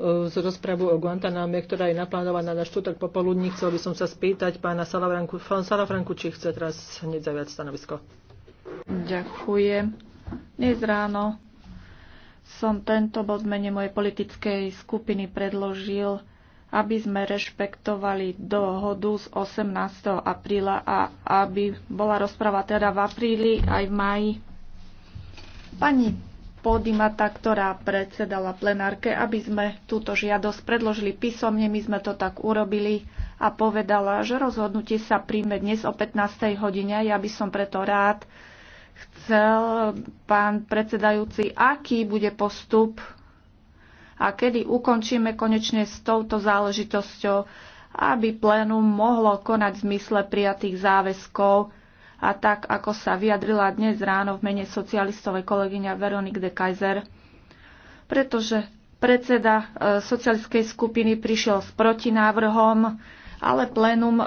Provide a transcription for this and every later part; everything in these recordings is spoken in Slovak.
z rozpravu o Guantaname, ktorá je naplánovaná na štvrtok popoludní. Chcel by som sa spýtať pána Salafranku, pán Salafranku či chce teraz hneď zaviať stanovisko. Ďakujem. Dnes ráno som tento bod mene mojej politickej skupiny predložil, aby sme rešpektovali dohodu z 18. apríla a aby bola rozprava teda v apríli aj v maji. Pani Podimata, ktorá predsedala plenárke, aby sme túto žiadosť predložili písomne. My sme to tak urobili a povedala, že rozhodnutie sa príjme dnes o 15. hodine. Ja by som preto rád chcel, pán predsedajúci, aký bude postup a kedy ukončíme konečne s touto záležitosťou, aby plénum mohlo konať v zmysle prijatých záväzkov a tak, ako sa vyjadrila dnes ráno v mene socialistovej kolegyňa Veronik de Kaiser, pretože predseda e, socialistskej skupiny prišiel s protinávrhom, ale plénum e,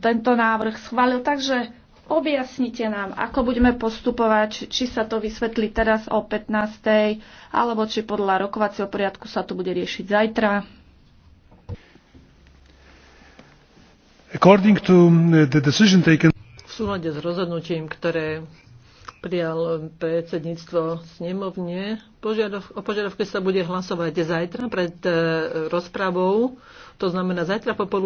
tento návrh schválil, takže objasnite nám, ako budeme postupovať, či sa to vysvetlí teraz o 15. alebo či podľa rokovacieho poriadku sa to bude riešiť zajtra. According to uh, the decision taken súlade s rozhodnutím, ktoré prijal predsedníctvo snemovne. Požiadov, o požiadavke sa bude hlasovať zajtra pred e, rozpravou, to znamená zajtra popoludne.